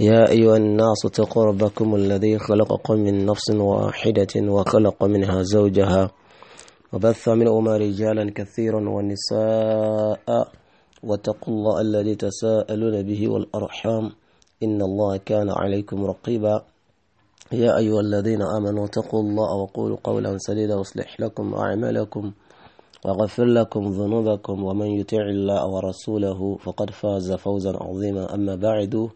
يا أيها الناس اتقوا ربكم الذي خلقكم من نفس واحدة وخلق منها زوجها وبث منهما رجالا كثيرا ونساء واتقوا الله الذي تساءلون به والأرحام إن الله كان عليكم رقيبا يا أيها الذين آمنوا اتقوا الله وقولوا قولا سديدا يصلح لكم أعمالكم وغفر لكم ذنوبكم ومن يطع الله ورسوله فقد فاز فوزا عظيما أما بعد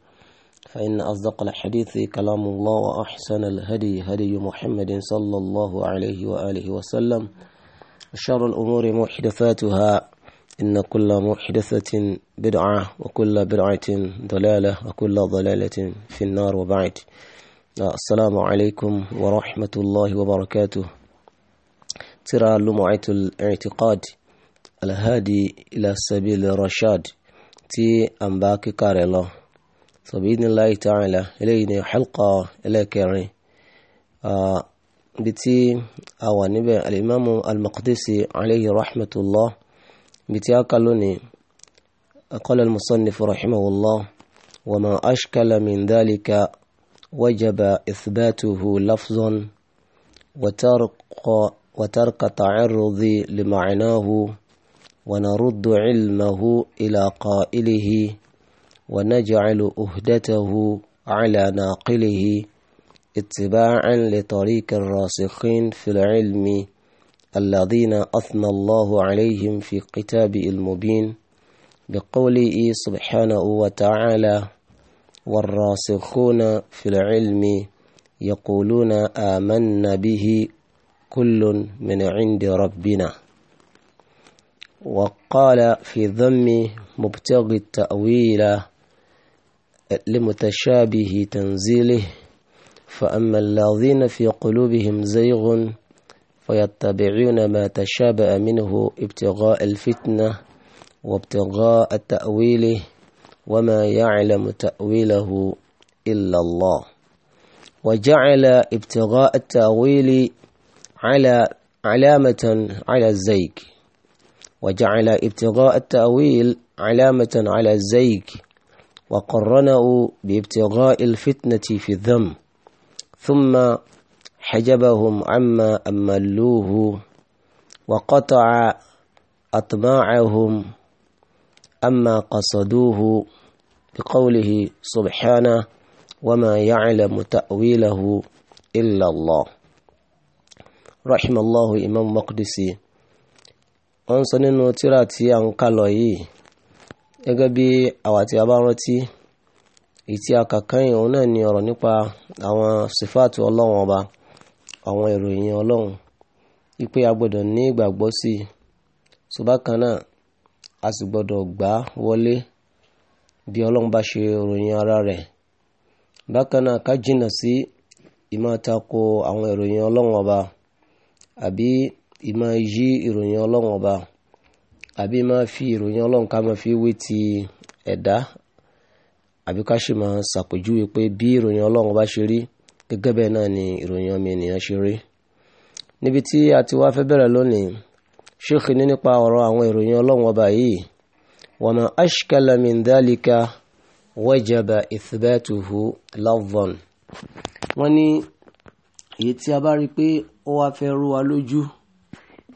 فإن أصدق الحديث كلام الله وأحسن الهدي هدي محمد صلى الله عليه وآله وسلم وشر الأمور محدثاتها إن كل محدثة بدعة وكل بدعة ضلالة وكل ضلالة في النار وبعد السلام عليكم ورحمة الله وبركاته ترى لمعة الاعتقاد الهادي إلى سبيل الرشاد تي أنباك الله so bi-idhni Allahi ta'ala eléyìí ni halqa ẹlẹ́kẹrin ah, ibi tí a wà níbẹ̀ alimami al-Maqdisi alayhi rahmatullah ibi tí a kà lónìí qala al-musannif rahimahullah wa ma ashkala min dhalika wajaba ithbatuhu lafzan wa tarqa وترك تعرضي لمعناه ونرد علمه إلى قائله ونجعل أهدته على ناقله اتباعا لطريق الراسخين في العلم الذين أثنى الله عليهم في كتابه المبين بقوله سبحانه وتعالى والراسخون في العلم يقولون آمنا به كل من عند ربنا وقال في ذم مبتغي التأويل لمتشابه تنزيله فأما الذين في قلوبهم زيغ فيتبعون ما تشابه منه ابتغاء الفتنة وابتغاء تأويله وما يعلم تأويله إلا الله وجعل ابتغاء التأويل على علامة على الزيك وجعل ابتغاء التأويل علامة على الزيك وقرنه بابتغاء الفتنة في الذم ثم حجبهم عما أملوه وقطع أطماعهم أما قصدوه بقوله سبحانه وما يعلم تأويله إلا الله رحم الله إمام مقدسي أنصنين تراتي أنقلوي gẹ́gẹ́ bí àwa tí a bá rántí ìtí akàkẹ́yìn òun náà ni ọ̀rọ̀ nípa àwọn sífàtù ọlọ́run ọba àwọn ìròyìn ọlọ́run wípé a gbọ́dọ̀ ní ìgbàgbọ́ sí i ṣùgbọ́n kan náà a sì gbọ́dọ̀ gbà wọlé bí ọlọ́run bá ṣe ròyìn ara rẹ̀ bákan náà ká jìnnà sí ìmọ̀ tako àwọn ìròyìn ọlọ́run ọba àbí ìmọ̀ yí ìròyìn ọlọ́run ọba àbí máa fi ìròyìn ọlọ́run ká máa fi wé ti ẹ̀dá àbí ká sì máa ṣàpèjúwe pé bí ìròyìn ọlọ́run bá ṣe rí gẹ́gẹ́ bẹ́ẹ̀ náà ni ìròyìn ọmọ ènìyàn ṣe rí níbi tí a ti wá fẹ́ bẹ̀rẹ̀ lónìí ṣéèkì ní nípa ọ̀rọ̀ àwọn ìròyìn ọlọ́run ọba yìí wa ma ashkala min dhalika wajaba ithbatuhu lafdhan wọ́n ní èyí tí a bá rí pé ó wá fẹ́ rú wa lójú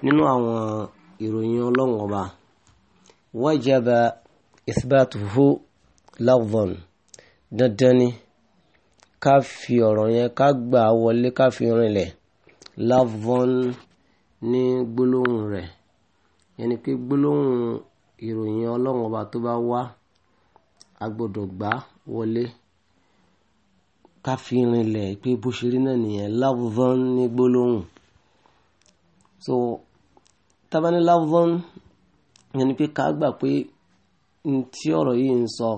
nínú àwọn ìròyìn ọlọ́run ọba wajaba ithbatuhu lafdhan dandan ni ká fi ọ̀rọ̀ yẹn ká gbà á wọlé ká fi rinlẹ̀ lafdhan ní gbólóhùn rẹ̀ yẹn pé gbólóhùn ìròyìn ọlọ́run ọba tó bá wá a gbọ́dọ̀ wọlé ká fi rinlẹ̀ pé bó ṣe rí náà nìyẹn lafdhan ní gbólóhùn so tabani lafdhan yẹn ni pé ká gbà pé ntí ọ̀rọ̀ yìí ń sọ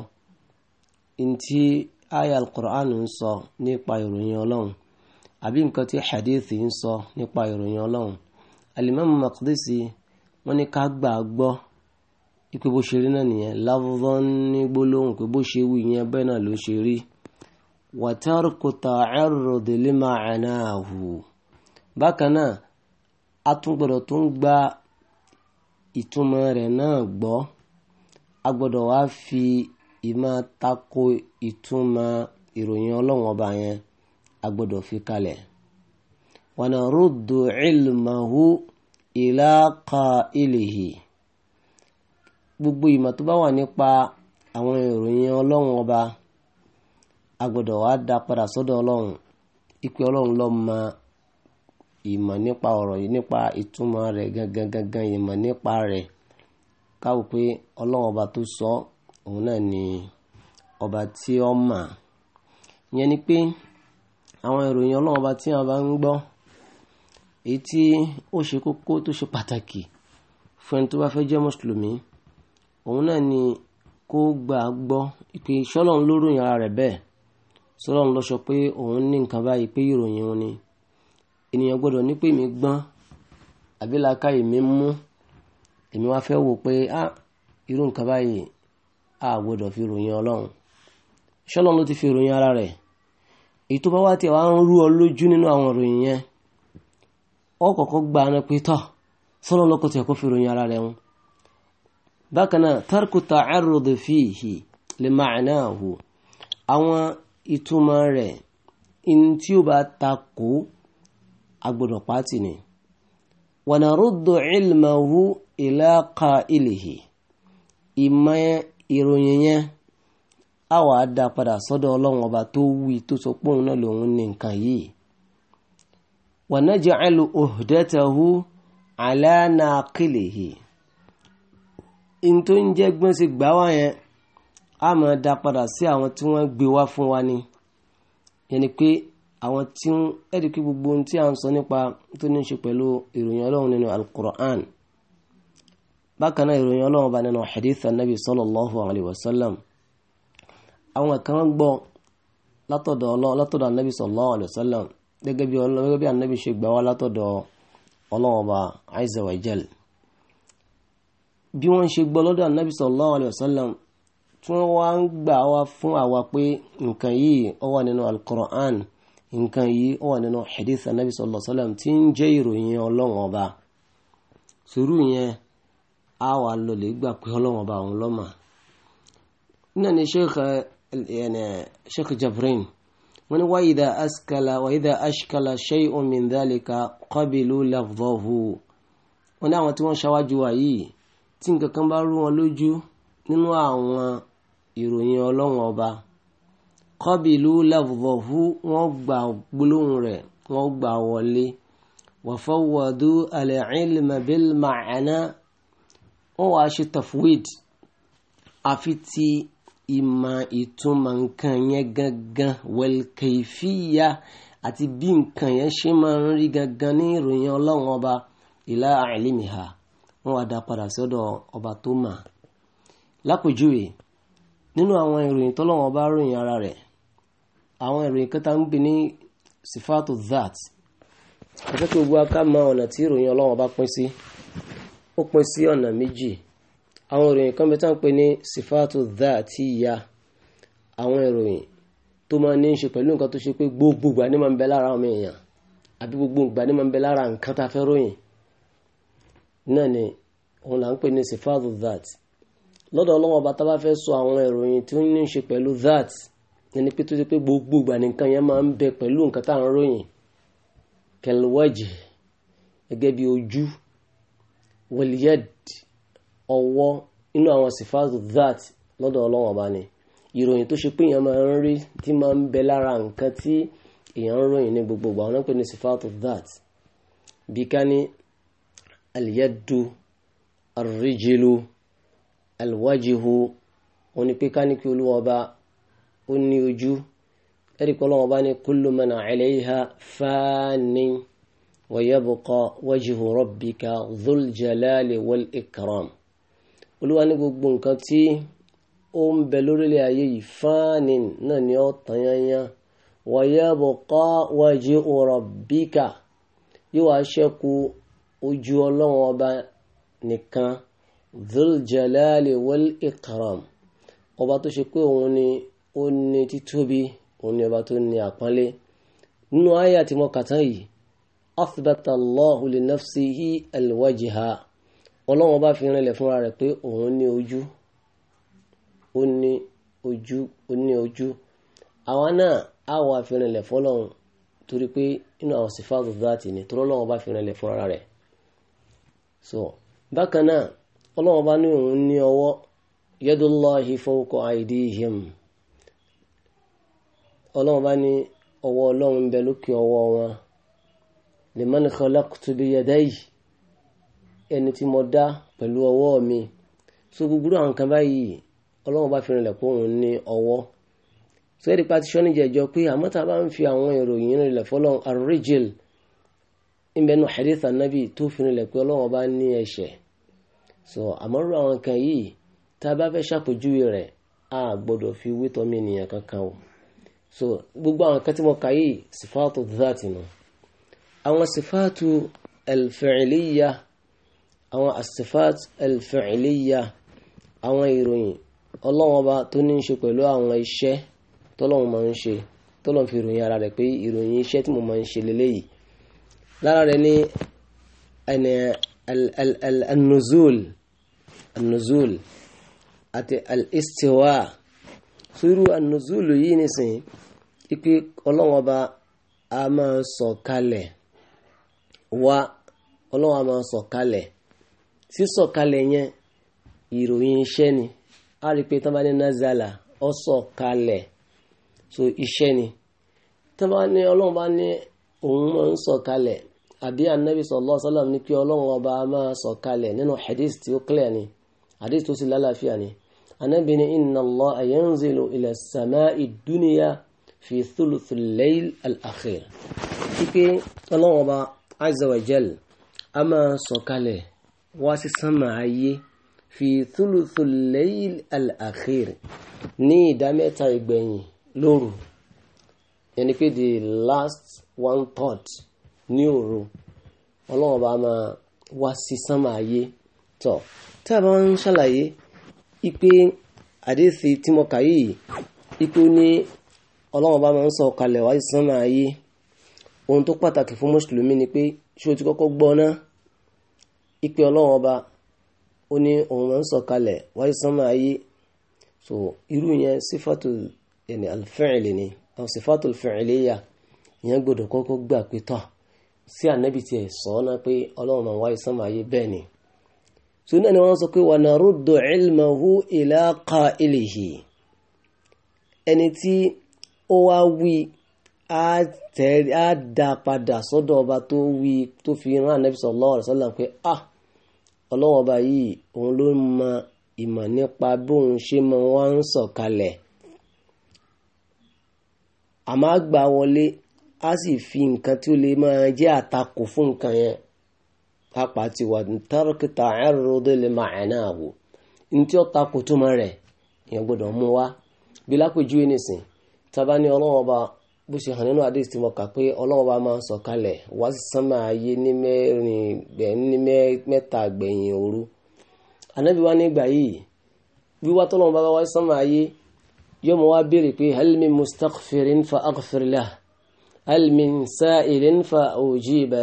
ntí aya al-Qur'an ń sọ nípa ìròyìn ọlọ́run àbí nǹkan tí hadith ń sọ nípa ìròyìn ọlọ́run alimami Maqdisi wọ́n ní ká gbà gbọ́ ipe bó ṣe rí náà nìyẹn lafdhan ní gbólóhùn pé bó ṣe wù yẹn bẹ́ẹ̀ náà ló ṣe rí wa tarku ta'arrud li ma'nahu bákan náà a tún gbọ́dọ̀ tó ń gba ìtumọ̀ rẹ̀ náà gbọ́ a gbọ́dọ̀ wá fi ìmọ̀ tako ìtumọ̀ ìròyìn ọlọ́wọ́n ọba yẹn a gbọ́dọ̀ fi kalẹ̀. wa naruddu ilmahu ila qailihi gbogbo ìmọ̀ tó bá wà nípa àwọn ìròyìn ọlọ́wọ́n ọba a gbọ́dọ̀ wá dá padà sọ́dọ̀ ọlọ́run ìpè ọlọ́run ló ìmọ̀ nípa ọ̀rọ̀ yìí nípa ìtumọ̀ rẹ̀ gangan gangan ìmọ̀ nípa rẹ̀ káwò pé ọlọ́run ọba tó sọ òun náà ni ọba tí ó mà ìyẹn ni pé àwọn ìròyìn ọlọ́run ọba tí wọn bá ń gbọ́ èyí tí ó ṣe kókó tó ṣe pàtàkì fún ẹni tó bá fẹ́ jẹ́ mùsùlùmí òun náà ni kó gbà á gbọ́ ìpè sọ́lọ́run ló ròyìn ara rẹ̀ bẹ́ẹ̀ sọ́lọ́run ló sọ pé òun ní nǹkan báyìí pé ìròyìn òun ni ènìyàn gbọ́dọ̀ ní pé mi gbọ́n àbí làákà èmi mú èmi wá fẹ́ wò pé á irú nǹkan báyìí á gbọ́dọ̀ fi ròyìn ọlọ́run ṣọ́lọ́n ló ti fi ròyìn ara rẹ̀ èyí tó bá wá tiẹ̀ wá ń rú ọ lójú nínú àwọn ròyìn yẹn ọ kọ̀ọ̀kan gba ẹni pé tọ̀ sọ́lọ́n lọ́kọ̀ tiẹ̀ kó fi ròyìn ara rẹ̀ wọn. bákan náà tarku ta'arrud fihi li ma'nahu àwọn ìtumọ̀ rẹ̀ ìní tí ó bá takò agbọ́dọ̀ pàtì ni wa naruddu ilmahu ila qailihi ìmọ̀ ìròyìn yẹn a wà á dá padà sọ́dọ̀ ọlọ́run ọba tó wí tó sọ pé òun náà lòun ní nǹkan yìí wa uhdatahu ala naqilihi in tó ń jẹ́ gbọ́n sí gbà a máa dá padà sí àwọn tí wọ́n gbé wá fún wa ni yẹn ni àwọn tí ń ẹ̀rí kí gbogbo ohun tí a ń sọ nípa tó ní ṣe pẹ̀lú ìròyìn ọlọ́run nínú alukur'an bákan náà ìròyìn ọlọ́run bá nínú hadith anabi sallallahu alayhi wa sallam àwọn kan gbọ́ látọ̀dọ̀ látọ̀dọ̀ anabi sallallahu alayhi wa sallam gẹ́gẹ́ bí gẹ́gẹ́ bí anabi ṣe gbà wá látọ̀dọ̀ ọlọ́run ọba azza wa jal bí wọ́n ṣe gbọ́ lọ́dọ̀ anabi sallallahu alayhi wa sallam tí wọ́n wá ń gbà wá fún àwa pé nǹkan yìí ó nínú alukur'an nǹkan yìí ó wà nínú hadith anabi sallallahu alayhi wa sallam tí ń jẹ́ ìròyìn ọlọ́run ọba sùúrù yẹn a wà lọlẹ̀ gbà pé ọlọ́run ọba òun lọ́mà nínú ni sheikh jabrin wọ́n ní wa askala wa idha ashkala shay'un min dhalika qabilu lafdhahu àwọn tí wọ́n ṣáwájú wa yìí tí nǹkan kan bá rú wọn lójú nínú àwọn ìròyìn ọlọ́run ọba kọ́bìlú lafdhahu wọ́n gba gbólóhùn rẹ̀ wọ́n gba wọlé wàfọwọ́dú al-ilma bil ma'na wọ́n wàá ṣe tafwid àfi ti ìmọ̀ ìtumọ̀ nǹkan yẹn gangan wal kayfiyya àti bí nǹkan yẹn ṣe máa ń rí gangan ní ìròyìn ọlọ́run ọba ìlà àìlímìhà wọ́n wàá dá padà sọ́dọ̀ ọba tó mà lápèjúwe nínú àwọn ìròyìn tọ́lọ́run ọba ròyìn ara rẹ̀ àwọn ìròyìn kan tá ń gbé ní sifatu that ẹgbẹ́ tó gbọ́ ká mọ ọ̀nà tí ìròyìn ọlọ́wọ́n bá pín sí ó pín sí ọ̀nà méjì àwọn ìròyìn kan bẹ́ẹ̀ tá ń pè ní sifatu that ya àwọn ìròyìn tó máa ní í ṣe pẹ̀lú nǹkan tó ṣe pé gbogbo ìgbà ni máa ń bẹ lára àwọn èèyàn àbí gbogbo ìgbà ni máa ń bẹ lára nǹkan tá a fẹ́ ròyìn náà ni òun là ń pè ní sifatu that lọ́dọ̀ ọlọ́wọ́n bá tá a bá fẹ́ sọ àwọn ìròyìn tó ní í ṣe pẹ̀lú that ẹni pé tó ṣe pé gbogbo ìgbà nìkan yẹn máa ń bẹ pẹ̀lú nǹkan tá à ń ròyìn kẹlwọ́jì gẹ́gẹ́ bí ojú wẹ̀líyẹ́d ọwọ́ inú àwọn sífáàtù that lọ́dọ̀ ọlọ́wọ́n ọba ni ìròyìn tó ṣe pé èèyàn máa ń rí tí máa ń bẹ lára nǹkan tí èèyàn ń ròyìn ní gbogbo ìgbà wọn pè ní sífáàtù that bí ká ní àlìyẹ́dù àríjìlú àlùwájìhù òní pé ká ní kí olúwa ọba ó ní ojú ẹ̀rí pé ọlọ́run bá ní kullu man 'alayha fanin wa yabqa wajhu rabbika dhul jalali wal ikram olúwa ní gbogbo nǹkan tí ó ń bẹ lórílẹ̀ ayé yìí fanin náà ni ó tàn yányán wa yabqa wajhu yóò wá ṣẹ́kù ojú ọlọ́run ọba nìkan dhul wal ikram ọba tó ṣe pé òun ni ó ne títóbi òun ni ọba tó ní àpọ́nlé nínú àyà tí mo kà tán yìí athbata Allahu li nafsihi alwajha ọlọ́run bá fi rinlẹ̀ fúnra rẹ̀ pé òun ní ojú ó ojú ó ojú àwa náà á wà fi torí pé inú àwọn torí bá fi rinlẹ̀ fúnra rẹ̀ so bákan náà ọlọ́run bá ní òun ní ọwọ́ ọlọ́run bá ní ọwọ́ ọlọ́run ń bẹ lókè ọwọ́ wọn liman khalaqtu biyadayi ẹni tí mo dá pẹ̀lú ọwọ́ mi so gbogbo àwọn kan báyìí ọlọ́run bá fi rìnlẹ̀ pé òun ní ọwọ́ so ẹ̀rí pati sọ́ni jẹ̀jọ́ pé àmọ́ tá a bá ń fi àwọn ìròyìn rìnlẹ̀ fọlọ́run ar-rijl ìbẹ̀nu hadith tó fi rìnlẹ̀ pé ọlọ́run bá ní ẹsẹ̀ so àmọ́rú àwọn kan yìí tá a bá fẹ́ ṣàpèjúwe rẹ̀ a gbọ́dọ̀ fi wítọ́mì ènìyàn kankan o so gbogbo àwọn kan tí mo kà yìí sifatu dhati nù àwọn sifatu alfẹ̀ẹ́lìyà àwọn asifat alfẹ̀ẹ́lìyà àwọn ìròyìn ọlọ́wọ́n bá tó ní í ṣe pẹ̀lú àwọn iṣẹ́ tọ́lọ́wọ́n máa ń ṣe tọ́lọ́wọ́n fi ròyìn ara rẹ̀ pé ìròyìn iṣẹ́ tí mo máa ń ṣe lélẹ́yìí lára rẹ̀ ní an-nuzul an-nuzul àti al-istiwa. sórí ànùzúlù yìí nìsín ipe ọlọ́run ọba a máa sọ̀kalẹ̀ wá ọlọ́run a máa sọ̀kalẹ̀ sísọ̀kalẹ̀ yẹn ìròyìn iṣẹ́ ni a rí i pé tán bá ní nazala sọ kalẹ̀ so iṣẹ́ ni tán bá ní ọlọ́run bá ní òun máa ń àbí anabi ní a máa nínú hadith tí ó ni hadith tó sì lálàáfíà ni. anábì ní inna Allaha yanzilu ila as-sama'i ad-dunya fi thuluthi al-layl al-akhir. wípé ọlọ́wọ́n ọba azza wa jal a máa sọ̀kalẹ̀ wá sí sánmà ayé fi thuluthi al-layl al-akhir ní ìdámẹ́ta ìgbẹ̀yìn lóru yẹni pé the last one third ní òru ọlọ́wọ́n ọba máa wá sí sánmà ayé tọ̀ tí a bá ń ṣàlàyé ipe àdéhìí tí mo kà yìí ipe ó ní ọlọ́run bá máa ń sọ kalẹ̀ wáyé sánmà ayé ohun tó pàtàkì fún mùsùlùmí ni pé ṣé o ti kọ́kọ́ gbọ́ ná ipe ọlọ́run ọba ó ní òun máa ń sọ kalẹ̀ wáyé sánmà ayé so irú yẹn sífàtò ẹni alfẹ́ẹ̀lì ni àwọn sífàtò alfẹ́ẹ̀lì yà ìyẹn gbọ́dọ̀ kọ́kọ́ gbà pé tán sí ànábì tiẹ̀ sọ ọ́ ná pé ọlọ́run máa wáyé sánmà ayé bẹ́ẹ̀ ni sunna ni wọ́n sọ pé wàna rúdò ilmahu ila qailihi ẹni tí ó wá wí á dá padà sọ́dọ̀ ọba tó wí tó fi rán anabi sallallahu alaihi wasallam pé ah ọlọ́wọ́n ọba yìí òun ló mọ ìmọ̀ nípa bóun ṣe mọ wọ́n ń sọ̀kalẹ̀ àmọ́ àgbà wọlé á sì fi nǹkan tí ó lè máa jẹ́ àtakò fún nǹkan yẹn pàápàá ti wà tẹ́rọ̀kìtà ẹ̀rọ̀dẹ́ lè máa ẹ̀ náà wò ní tí ó ta kò túmọ̀ rẹ̀ èèyàn gbọ́dọ̀ mú wá bí lápèjúwe nìsín tábà ní ọlọ́wọ́n ọba bó ṣe hàn nínú àdéhùn tí mo kà pé ọlọ́wọ́n ọba máa sọ kalẹ̀ wá sí sánmà ayé ní mẹ́rin ní mẹ́ta gbẹ̀yìn òru ànábì wá nígbà yìí wíwá tọ́lọ́wọ́n bá wá sí sánmà ayé yóò mọ wá béèrè pé halmi mustaghfirin fa aghfir lah sa'irin fa ujiba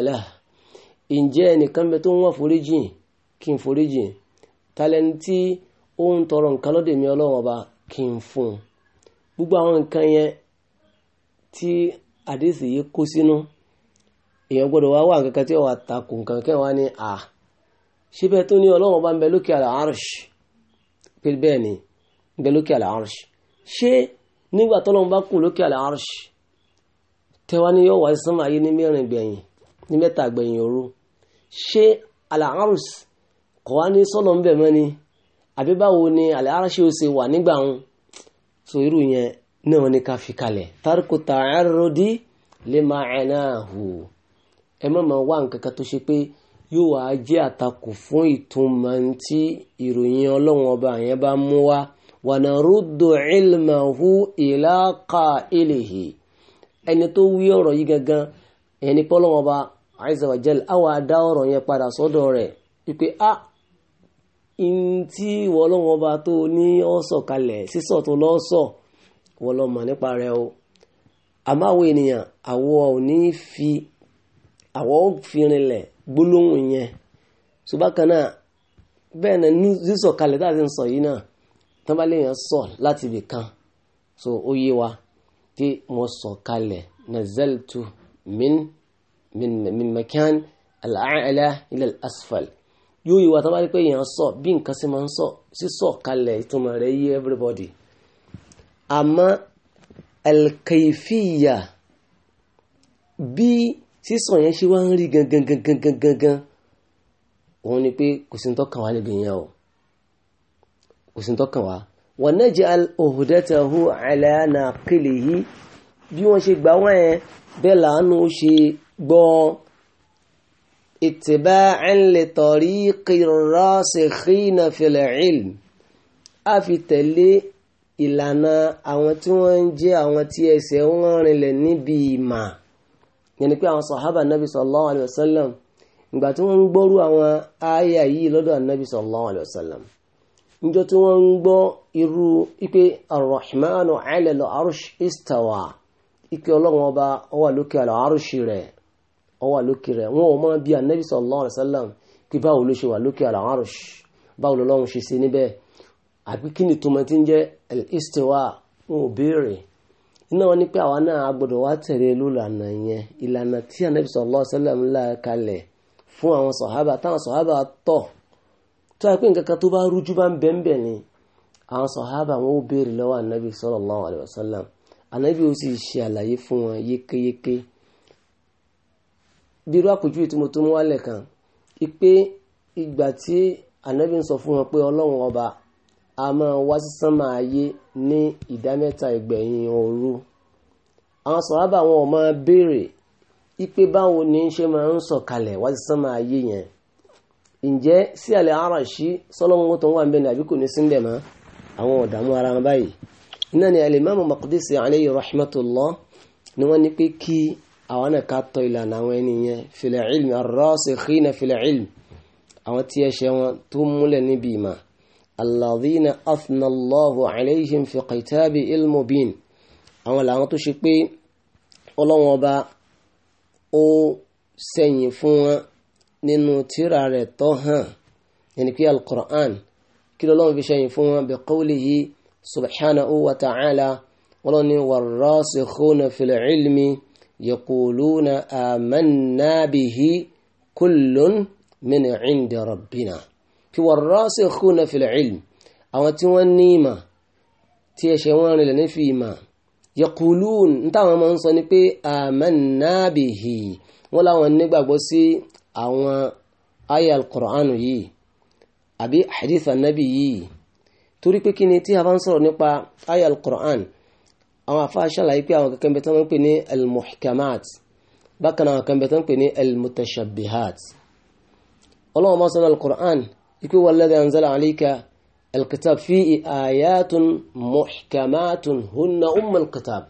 ǹjẹ́ ẹnìkan bẹ tó ń wá foríjì kí n foríjì talẹ́ni tí ó ń tọrọ nǹkan mi ọlọ́run ọba gbogbo àwọn nǹkan yẹn tí àdéhùn yìí kó sínú èèyàn gbọ́dọ̀ wá wà nǹkan tí ó wà takò nǹkan kẹ́ wá ní à ṣé bẹ́ẹ̀ tó ní ọlọ́run ọba ń bẹ lókè àlà arsh pé bẹ́ẹ̀ ni ń bẹ lókè àlà arsh ṣé nígbà tọ́lọ́run bá kù arsh ni yóò wá sí sánmà ní mẹ́ta àgbẹ̀yìn òru ṣé al-arsh kò wá ní sọ́lọ̀ ń bẹ̀ mọ́ ni àbí báwo ni al-arsh ó ṣe wà nígbà wọn so irú yẹn náà ni ká fi kalẹ̀ tarku ta'arrudi li ma'nahu ẹ má máa wá nǹkan kan tó ṣe pé yóò wá jẹ́ àtakò fún ìtumọ̀ tí ìròyìn ọlọ́run ọba yẹn bá mú wá wa naruddu ilmahu ila qa'ilihi ẹni tó wí ọ̀rọ̀ yìí gangan ẹni pọ́lọ́wọ́n ọba azza wa jal àwa dá ọ̀rọ̀ yẹn padà sọ́dọ̀ rẹ̀ wípé a in tí wọ́lọ́wọ́ bá tó ní ọ̀sọ̀ kalẹ̀ sísọ̀ tó lọ́sọ̀ wọ́lọ́mọ nípa rẹ̀ o àmọ́ àwọn ènìyàn àwọ̀ ò ní fi àwọ̀ ò fi rinlẹ̀ gbólóhùn yẹn ṣùgbọ́n kan náà bẹ́ẹ̀ náà ní sísọ̀ kalẹ̀ tá a ti ń sọ yìí náà tán bá léèyàn sọ láti ibì kan so ó yé wa pé mo sọ̀ kalẹ̀ nazeltu min من من مكان الأعلى إلى الأسفل yóò yíwa tó bá rí pé èèyàn sọ bí nǹkan ṣe máa ń sọ sísọ kalẹ̀ ìtumọ̀ rẹ̀ yí everybody àmọ́ alkaifiya bí sísọ yẹn ṣe wá ń rí gangan gangan gangan gan òun ni pé kò sí ní tọ́kàn wá níbi yẹn o kò sí ní tọ́kàn wá wa naj'al uhdatahu ala naqilihi bí wọ́n ṣe gbà wọ́n yẹn bẹ́ẹ̀ làánú ṣe gbọ́n ittiba'an li tariqi rasikhina fil ilm a fi tẹ̀lé ìlànà àwọn tí wọ́n ń jẹ́ àwọn tí ẹsẹ̀ wọn rinlẹ̀ níbi ìmà yẹn ni pé àwọn sàhábà nàbì sallallahu alayhi wa sallam ìgbà tí wọ́n ń gbọ́rú àwọn àyà yìí lọ́dọ̀ ànábì sallallahu alayhi níjọ́ tí wọ́n ń gbọ́ irú ipe arrahmanu ala al-arsh istawa ike ọlọ́run ọba ó lókè àlọ́ arúṣì rẹ̀ ó wà lókè rẹ̀ wọn ò máa bí anabi sallallahu alayhi wa sallam pé báwo ló ṣe wà lókè al-arsh báwo lọ́lọ́run ṣe ṣe níbẹ̀ àbí kí ni tòmọ́ ti ń jẹ́ al wọn ò béèrè iná wọn ni pé àwa náà a wá tẹ̀lé lólànà yẹn ìlànà tí anabi sallallahu alayhi wa là kalẹ̀ fún àwọn sọ̀hábà táwọn sọ̀hábà tọ̀ tó yẹ pé nǹkan kan tó bá bí irú àpèjúwe tí mo tún mú wálẹ̀ kan ipe ìgbà tí ànábì ń sọ fún wọn pé ọlọ́run ọba a máa wá sí sánmà ayé ní ìdámẹ́ta ìgbẹ̀yìn òru àwọn sọ̀rọ̀bà wọn ò máa béèrè ipe báwo ni ṣe máa ń sọ̀kalẹ̀ wá sí sánmà ayé yẹn ǹjẹ́ sí àlẹ́ àràṣí sọ́lọ́mù tó ń wà ń bẹ ní àbí kò ní síndẹ̀ mọ́ àwọn ọ̀dààmú ara wọn báyìí iná ni al-Imam Maqdisi alayhi ni wọ́n ní pé kí àwọn náà ká tọ́ ìlànà àwọn ẹni yẹn fil ilmi ar-rasikhina fil ilmi àwọn tí ẹsẹ̀ wọn tó múlẹ̀ níbi ìmọ̀ alladhina athna Allahu alayhim fi kitabil mubin àwọn làwọn tó ṣe pé ọlọ́wọ́n ọba ó sẹ́yìn fún wọn nínú tírà rẹ̀ tó hàn yẹn pé al kí lọ́wọ́n fi sẹ́yìn fún wọn bi qawlihi subhanahu wa ta'ala wọ́n ní war-rasikhuna fil ilmi. يقولون آمنا به كل من عند ربنا والراسخون في العلم أو تونيما تيشوان لنفيما يقولون انت ما نصني آمنا به ولا ونبا بسي أو آية القرآن يي أبي حديث النبي يي torí pé kí ni tí a bá ń sọ̀rọ̀ nípa ayal Qur'an àwọn àfáà ṣàlàyé pé àwọn kankan bẹ ń pè ní al-muhkamat bákan àwọn kankan bẹ ń pè ní al-mutashabbihat ọlọ́wọ́n máa sọ́nà al-Qur'an ikú walladhi anzala alayka al-kitab fihi ayatun muhkamatun hunna umma al-kitab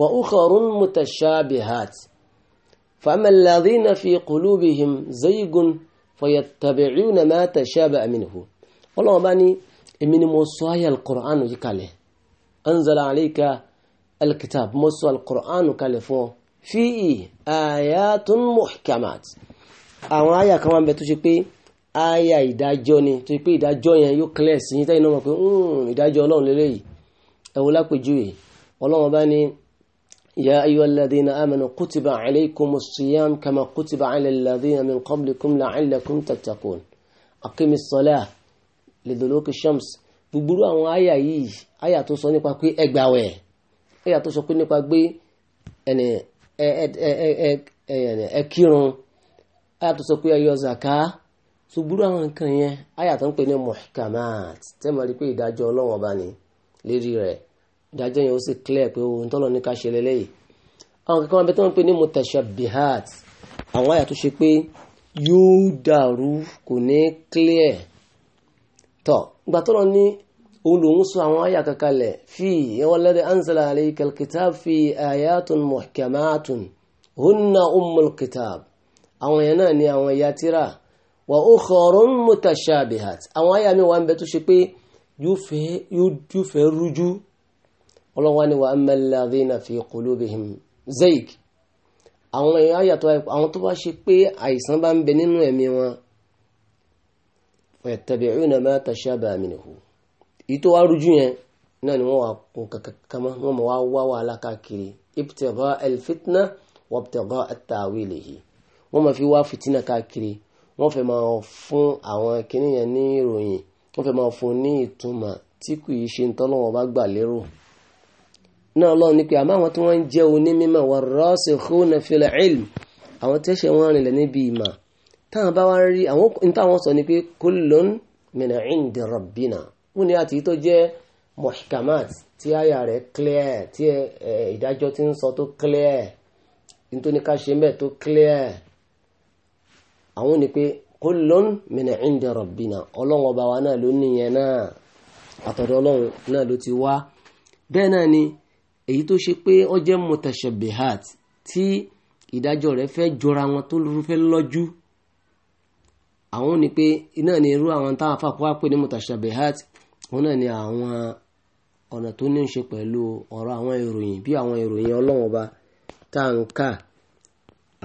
wa ukharun mutashabbihat فأما الذين في قلوبهم زيغ فيتبعون ما تشابه ní والله باني من مصايا القرآن kalẹ̀ anzala عليك الكتاب موسو القرآن كالفو فيه آيات محكمات àwọn àyà kan wà ń bẹ tó ṣe pé àyà ìdájọ́ ni tó ṣe pé ìdájọ́ yẹn yóò clear sí yín tẹ́yìn náà mọ̀ pé ìdájọ́ ọlọ́run lélẹ̀ yìí ẹ̀wò lápèjúwe ọlọ́run bá ní ya ayyuhal ladhina amanu kutiba alaykumus siyam kama kutiba alal ladhina min qablikum la'allakum tattaqun aqimis salah liduluki shams gbogbo àwọn àyà yìí àyà tó sọ nípa pé ẹgbàwẹ̀ẹ́ ẹ̀yà tó sọ pé nípa gbé ẹ kírun ẹ̀yà tó sọ pé ẹyọ zaka ṣùgbúrú àwọn nǹkan yẹn ẹ̀yà tó ń pè ní muhkamat tẹ́mọ̀ rí pé ìdájọ́ ọlọ́wọ́n bá ní lérí rẹ̀ ìdájọ́ yẹn ó sì clear pé ohun tọ́lọ́ ní ká ṣe lélẹ́yìí àwọn kankan wọn bẹ tó ń pè ní mutashabihat àwọn àyà tó ṣe pé yóò dàrú kò ní clear tọ́ ìgbà tọ́lọ́ ní òun lòun sọ àwọn àyà kankanlẹ̀ fi walladhi anzala alayka alkitab fi ayatun muhkamatun hunna ummul kitab àwọn yẹn náà ni àwọn ìyá tíra wa ukharun mutashabihat àwọn àyà mi wà ń bẹ tó ṣe pé yóò fẹ́ rújú ọlọ́wọ́ ni wa amma alladhina fi qulubihim zayg àwọn èèyàn àyàtọ̀ àwọn tó bá ṣe pé àìsàn bá ń bẹ nínú ẹ̀mí wọn fayattabi'una ma tashabaha èyí tó wá rújú yẹn náà ni wọ́n wà kún kankan mọ́ wọ́n mọ̀ wá wá wàhálà káàkiri ibtigha alfitna wa ibtigha at-ta'wilihi wọ́n máa fi wá fìtínà káàkiri wọ́n fẹ́ máa fún àwọn kinní yẹn ní ìròyìn wọ́n fẹ́ máa fún ní ìtumọ̀ tí kì í ṣe ntọ́lọ́wọ́n bá gbà lérò náà lọ́wọ́ ni pé àmọ́ àwọn tí wọ́n ń jẹ́ onímọ̀ warrasikhuna fil ilm àwọn tẹ́sẹ̀ wọn rìnlẹ̀ níbi ìmọ̀ táwọn bá wá rí àwọn ní táwọn sọ ni pé kullun min indi wọ́n ní àti tó jẹ́ muhkamat tí àyà rẹ̀ clear tí eh, ìdájọ́ ti ń sọ tó clear nítorí ká ṣe mẹ́ẹ̀ tó clear àwọn ni pé kullun min inda rabbina ọlọ́run ọba wa náà ló níyẹn náà àtọ̀dọ̀ ọlọ́run náà ló ti wá bẹ́ẹ̀ náà ni èyí tó ṣe pé ó jẹ́ mutashabihat tí ìdájọ́ rẹ̀ fẹ́ jọra wọn tó rúfẹ́ lọ́jú àwọn ni pé iná ni irú àwọn táwọn afáàpọ̀ àpè ní mutashabihat òun náà ni àwọn ọ̀nà tó ní í ṣe pẹ̀lú ọ̀rọ̀ àwọn ìròyìn bí àwọn ìròyìn ọlọ́run ọba tá à ń kà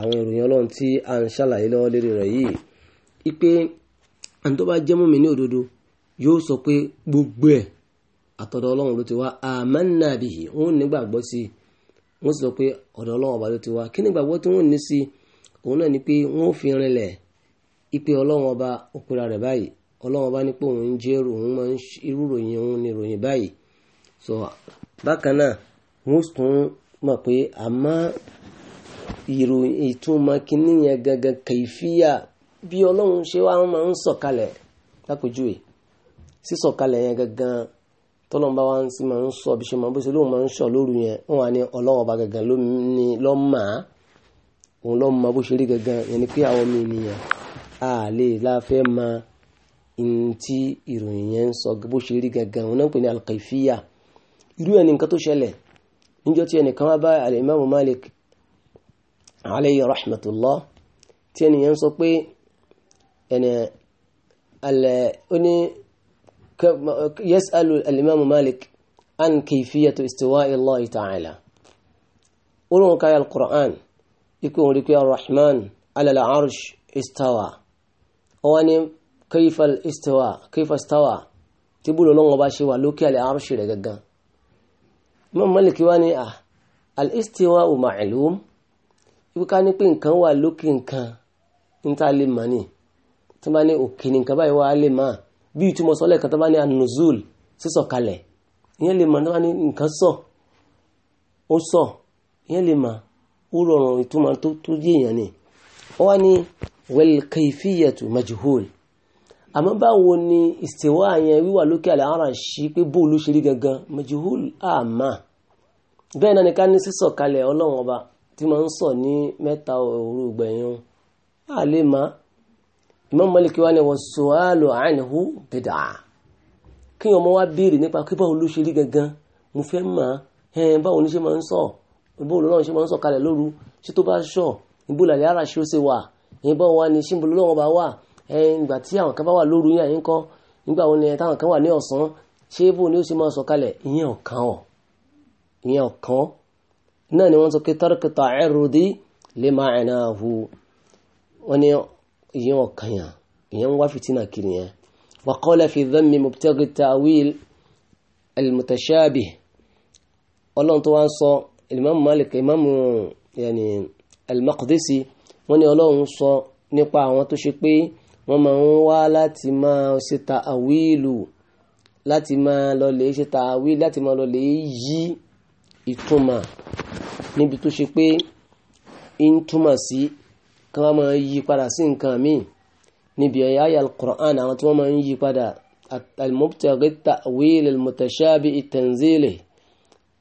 àwọn ìròyìn ọlọ́run tí à ń ṣàlàyé lọ́wọ́ lérí rẹ̀ yìí ipe ẹni tó bá jẹ́ mùmínì ní òdodo yóò sọ pé gbogbo ẹ̀ àtọ̀dọ̀ ọlọ́run ló ti wá àmánà òun nígbàgbọ́ sí i wọ́n sì sọ pé ọ̀dọ̀ ọlọ́run ọba ló ti wá kí nígbàgbọ́ tí wọ́n ní sí i òun náà ni pé wọ́n fi rinlẹ̀ ipe ọlọ́run ọba òpera rẹ̀ báyìí ọlọ́run bá ní pé òun ń jẹ́rò òun máa ń irú ròyìn òun ni ròyìn báyìí so bákan náà wọ́n tún mọ̀ pé àmọ́ ìròyìn ìtumọ̀ kínní yẹn gangan kàìfíyà bí ọlọ́run ṣe wá máa ń sọ̀kalẹ̀ lápèjúwe sísọ̀kalẹ̀ yẹn gangan tọ́lọ́n bá wá ń sí máa ń sọ bí ṣe máa bó ṣe lóun máa ń sọ lóru yẹn wọ́n wá ní ọlọ́run ọba gangan ní lọ́mà òun lọ́mà bó ṣe rí gangan yẹn ni pé àwọn ọmọ ènìyàn àlè láfẹ́ máa in tí ìròyìn yẹn ń sọ bó ṣe rí gangan òun náà ń pè ní alkaifiya irú ẹni nǹkan tó ṣẹlẹ̀ níjọ́ tí ẹnìkan wá bá alimami malik alayhi rahmatullah tí ẹnìyẹn sọ pé ẹnì alẹ́ ó ní yasalu alimami malik an kaifiyatu istiwa'i allah ta'ala ó lóun káyà alqur'an ikú òun rí pé arrahman alal istawa ó wá kayfa istiwa kayfa istawa tí búrò lọ́wọ́ bá ṣe wà lókè àlẹ́ arṣì rẹ̀ gangan Imam Malik wá ní ah al-istiwa ò ma'lum ibi ká ní pé nǹkan wà lókè nǹkan níta lè mọ̀ ni tí bá ní òkè ní nǹkan báyìí wà á lè mọ̀ bí ìtumọ̀ sọ́lẹ̀ kan tó bá ní an-nuzul sísọ̀kalẹ̀ ìyẹn lè mọ̀ tó bá ní nǹkan sọ̀ ó sọ̀ ìyẹn lè mọ̀ rọrùn ìtumọ̀ tó yéèyàn ni wọ́n wá ní wal àmọ́ báwo ni ìsìnwá yẹn wíwà lókè àlẹ́ ara ṣí pé bóòlù ṣe rí gangan majhul àmà bẹ́ẹ̀ náà ni ká ní sísọ̀kalẹ̀ ọlọ́run ọba tí máa ń sọ ní mẹ́ta òru gbẹ̀yìn a má Imam Malik wa ni wọ́n su'alu anhu bid'ah kí ọmọ wa béèrè nípa pé báwo ló ṣe rí gangan mo fẹ́ mọ̀ ẹ́ báwo ni ṣe máa ń sọ bóòlù ọlọ́run ṣe máa ń sọ̀kalẹ̀ lóru ṣé tó bá ṣọ̀ ìbúlẹ̀ àlẹ́ ara ṣe ó ṣe wà ìbọn wa ni ṣíbo ọlọ́run ọba wà ìgbà tí àwọn kan bá wà lóru yín àyín kọ́ nígbà wo ni táwọn kan wà ní ọ̀sán ṣé bó ni ó ṣe máa sọ̀kalẹ̀ ìyẹn ọ̀kan ọ̀ ìyẹn ọ̀kan náà ni wọ́n sọ pé tọ́rọ̀kìtà ẹ̀rọdí lè máa ẹ̀nà hu wọ́n ní ìyẹn ọ̀kan yàn ìyẹn ń wá fìtínà kiri yẹn wàkọ́lẹ̀ fi dhanmi mubtaghi ta'wil al-mutashabih ọlọ́run tó wá ń sọ Imam Malik Imam yani al-Maqdisi ọlọ́run sọ nípa àwọn tó ṣe pé wọ́n máa ń wá láti máa ṣe ta àwílù láti máa lọ lè ṣe ta àwílù láti máa lọ lè yí ìtumọ̀ níbi tó ṣe pé ń túmọ̀ sí kí wọ́n máa yí padà sí nǹkan míì níbi ẹ̀yà ayà al-Qur'an àwọn tí wọ́n máa ń yí padà al-mubtaghi ta'wil al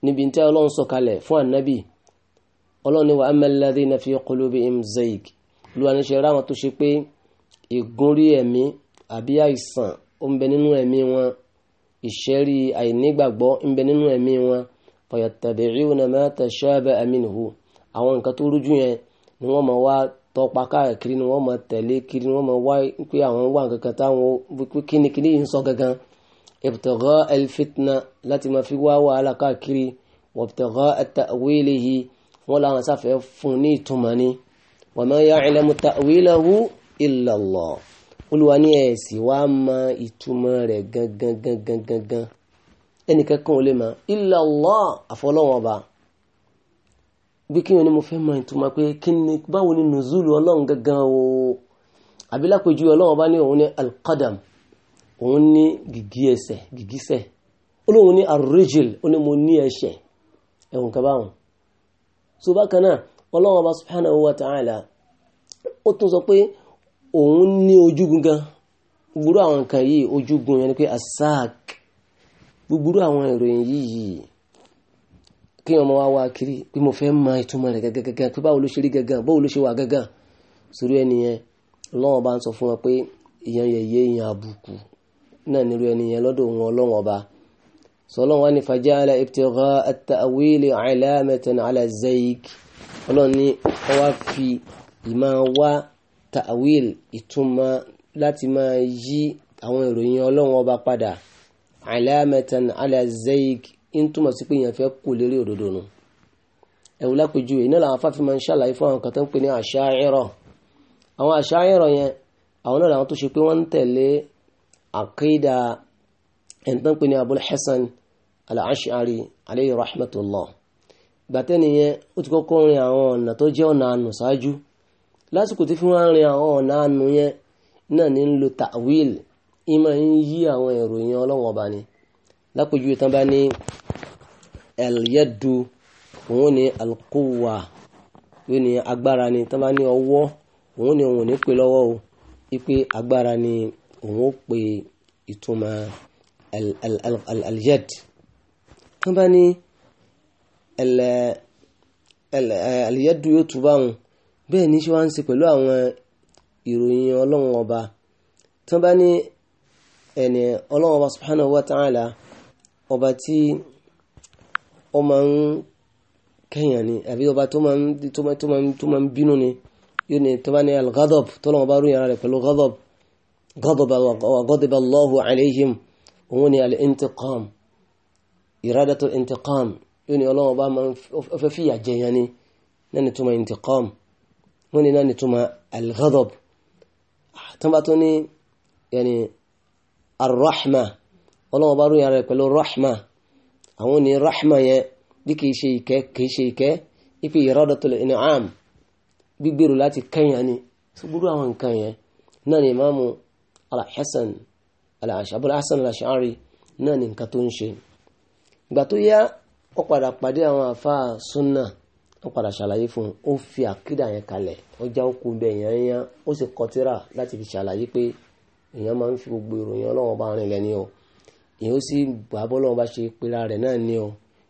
níbi tí ọlọ́run sọ kalẹ̀ fún ànábì ọlọ́run ni wa amma alladhina fi qulubihim zayg lóhùn àníṣe ra àwọn tó ṣe pé ìgúnrí ẹ̀mí àbí àìsàn ó ń bẹ nínú ẹ̀mí wọn ìṣẹ́rí àìnígbàgbọ́ ń bẹ nínú ẹ̀mí wọn fayattabi'una ma tashabaha minhu àwọn nǹkan tó rújú yẹn ni wọ́n máa wá tọpa káàkiri ni wọ́n máa tẹ̀lé kiri ni wọ́n máa wá pé àwọn wà kankan táwọn pé kínníkínní yìí ń sọ gangan ibtigha al-fitna láti máa fi wá wàhálà káàkiri wabtigha ta'wilihi wọ́n làwọn sáfẹ́ fún ní ìtumọ̀ ni wa ma ya'lamu ta'wilahu illallah olúwa ní ẹ̀sìn wa mọ ìtumọ̀ rẹ̀ gangan gangan gangan ẹnìkan kan ò lè mọ illallah àfọlọ́wọ́n ọba bí kí wọn ni mo fẹ́ mọ ìtumọ̀ pé kí ni báwo ni nùzúlù ọlọ́run gangan o àbílápẹ̀jù ọlọ́run ọba ní òun ní alqadam òun ní gìgí ẹsẹ̀ gìgísẹ̀ olóhun ní arrijil ó ní mo ní ẹsẹ̀ ẹ̀wọ̀n kabáhùn so bákan náà ọlọ́run ọba subhanahu wa ta'ala ó tún sọ pé òun ní ojúgun gan gbogbo àwọn nǹkan yìí ojúgun yẹn ni pé asak gbogbo àwọn ìròyìn yìí kí ọmọ wa wá kiri pé mo fẹ́ ma ìtumọ̀ rẹ̀ gẹ́gẹ́gẹ́ pé báwo ló ṣe rí gẹ́gẹ́ báwo ló ṣe wà gẹ́gẹ́ sórí bá ń sọ fún wọn pé ìyẹn ìyẹn àbùkù náà lọ́dọ̀ wọn ọlọ́wọ́n ọba sọlọ́wọ́n wá ní ta'awil ìtumọ̀ láti máa yí àwọn ìròyìn ọlọ́run ọba padà alamatan ala zaig ń túmọ̀ sí pé èèyàn fẹ́ kú lérí òdodo nu ẹ̀wù lápèjúwe iná làwọn afáfin máa ń ṣàlàyé fún àwọn kan tó ń pè ní àṣàírọ̀ àwọn àṣàírọ̀ yẹn àwọn náà làwọn tó ṣe pé wọ́n ń tẹ̀lé àkídà ẹni tó ń pè ní abul hasan al-ash'ari alayhi rahmatullah gbàtẹ́niyẹn ó ti kọ́kọ́ rin àwọn ọ̀nà tó jẹ́ ọ̀nà ànù ṣáájú lásìkò tí fi wọ́n rin àwọn ọ̀nà àánú yẹn náà ní ń lo ta'wil ìmọ̀ ń yí àwọn ìròyìn ọlọ́wọ́n ọba ni lápèjúwe tán bá ní ẹ̀lẹ́dù òun ní alquwa yóò ní agbára ni tán bá ní ọwọ́ òun ní òun ò ní pè lọ́wọ́ o ipe agbára ni òun ó pe ìtumọ̀ alyad tán bá ní alyadu yóò tún báwọn bẹ́ẹ̀ ní ṣe wá ń ṣe pẹ̀lú àwọn ìròyìn ọlọ́run ọba tí wọ́n bá ní ẹni ọlọ́run ọba subhanahu wa ta'ala ọba tí ó máa ń kẹyàn ni àbí ọba tó máa ń bínú ni yóò ní tó bá ní al-ghadab tó lọ́wọ́ bá ròyìn ara rẹ̀ pẹ̀lú ghadab ghadab Allahu alayhim òun ni al-intiqam iradatul intiqam yóò ní ọlọ́run ọba máa fìyà jẹyàn ni nẹ́ni tó máa intiqam wọ́n ní náà nìtumọ̀ al-ghadab tó bá tó ní yẹni ar-rahma ọlọ́wọ́n bá rú yàrá pẹ̀lú rahma àwọn ní rahma yẹn bí kìí ṣe ìkẹ́ kìí ṣe ìkẹ́ ipe iradatul in'am gbígbèrò láti kẹ́yìn ni gbúrú àwọn nǹkan yẹn náà ni imaamu al-hasan al-ash'ari hasan al-ash'ari náà ni nǹkan tó ń ṣe ìgbà tó yá ó padà pàdé àwọn àfáà sunnah ó padà ṣàlàyé fún un ó fi àkídà yẹn kalẹ̀ ó já okùn bẹ èèyàn yẹn ó sì kọtíra láti fi ṣàlàyé pé èèyàn máa ń fi gbogbo ìròyìn ọlọ́wọ́n bá rìn lẹ́ni o èèyàn ó sì gbà bọ́ lọ́wọ́n bá ṣe pera rẹ̀ náà ni o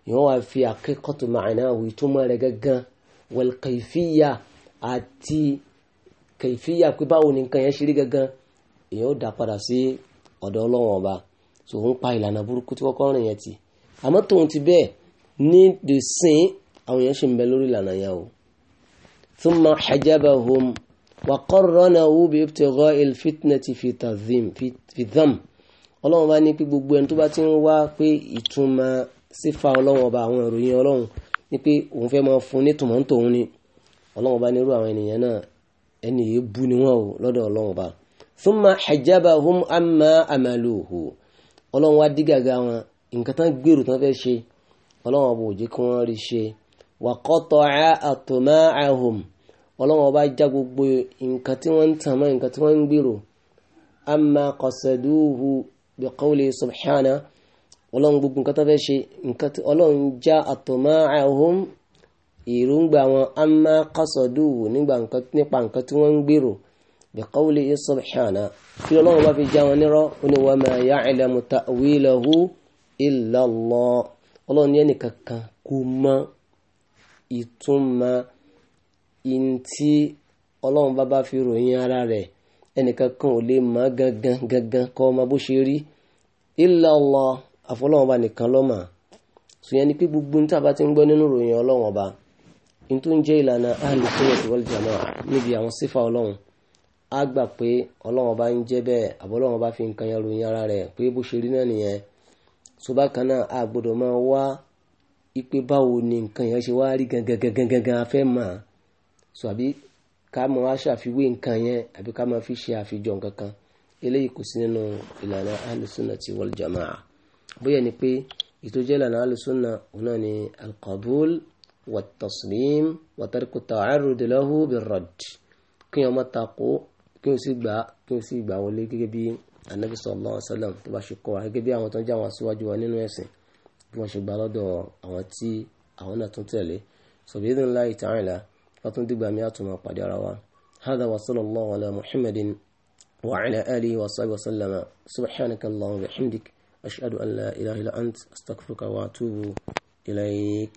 èèyàn wá fi àkẹ́kọ̀tù màánà òye tó mọ́ rẹ̀ gángan wal kayfiyya àti kayfiyya pé báwo ni nǹkan yẹn ṣe rí gángan èèyàn ó dá padà sí ọ̀dọ̀ ọlọ́wọ́n ọba tòun pa ìlànà burúkú tí wọ́n kọ́ rìn yẹn ti àmọ́ tòun ti bẹ́ẹ̀ ní dè àwọn yẹn ṣì ń bẹ lórí ìlànà yẹn o thumma hajabahum wa qarranahu bi ibtigha'i al-fitnati fi tazim fi dham ọlọ́run bá ní pé gbogbo ẹni tó bá ti ń wá pé ìtumọ̀ sífà ọlọ́run ọba àwọn ìròyìn ọlọ́run ní pé òun fẹ́ máa fún ní tùmọ̀ ń tòun ni ọlọ́run ọba nírú àwọn ènìyàn náà ẹni yìí bú ni wọ́n o lọ́dọ̀ ọlọ́run ọba thumma hajabahum amma amaluhu ọlọ́run wá dí wọn nǹkan tán gbèrò tán fẹ́ ṣe ọlọ́run ọba òjì kí wọ́n rí ṣe وقطع أطماعهم ọlọ́wọ́n bá já gbogbo nǹkan tí wọ́n ń tàn mọ́ nǹkan tí wọ́n ń gbèrò amma qasaduhu bi qawli subhana ọlọ́run gbogbo nǹkan tó fẹ́ ṣe nǹkan tí ọlọ́run já atma'ahum èròǹgbà wọn amma qasaduhu nígbà nípa nǹkan tí wọ́n ń gbèrò bi subhana tí ọlọ́run bá fi já wọn nírọ́ ó ní wa ma ya'lamu ta'wilahu illa ìtumọ̀ ìntí ọlọ́run bá bá fi ròyìn ara rẹ̀ ẹnìkan kan ò lè mọ̀ gangan gangan kọ́ ọmọ bó ṣe rí illa Allah àfọlọ́run bá nìkan lọ́mọ̀ sùnyẹn ni pé gbogbo níta bá ti ń gbọ́ nínú ròyìn ọlọ́run ọba ní tó ń jẹ́ ìlànà ahlu sunnah wal jamaa níbi àwọn sífà ọlọ́run á gbà pé ọlọ́run ọba ń jẹ́ bẹ́ẹ̀ àbọ̀lọ́run ọba fi nǹkan yẹn ròyìn ara rẹ̀ pé bó ṣe rí náà nìyẹn kan ipe báwo ni nǹkan yẹn ṣe wá rí gangan gangan gangan afẹ́ mọ̀ án so àbí ká mọ wá ṣàfiwé nǹkan yẹn àbí ká mọ fi ṣe àfijọ nǹkan kan eléyìí kò sí nínú ìlànà alusunnati wal jamaa bóyá ni pé ìtòjẹ́ ìlànà alusunna òun náà ni alqabul wataslim watarku ta'arrud lahu birradd kí wọn máa takò kí wọn sì gbà kí wọn sì gbà wọlé gẹ́gẹ́ bí anabi sallallahu alaihi tó bá ṣe kọ́ wa gẹ́gẹ́ bí àwọn tó ń jẹ́ àwọn aṣíwájú wa nínú ẹ̀sìn bí wọ́n ṣe gba lọ́dọ̀ àwọn tí àwọn náà tún tẹ̀lé sọ̀bí ìdùn láì ta'ala látún dìgbà mi àtúmọ̀ pàdé ara wa hada wa sallallahu ala muhammadin wa ala alihi wa sahbihi wa sallama subhanaka allahumma bihamdik ashhadu an la ilaha illa ant astaghfiruka wa atubu ilayk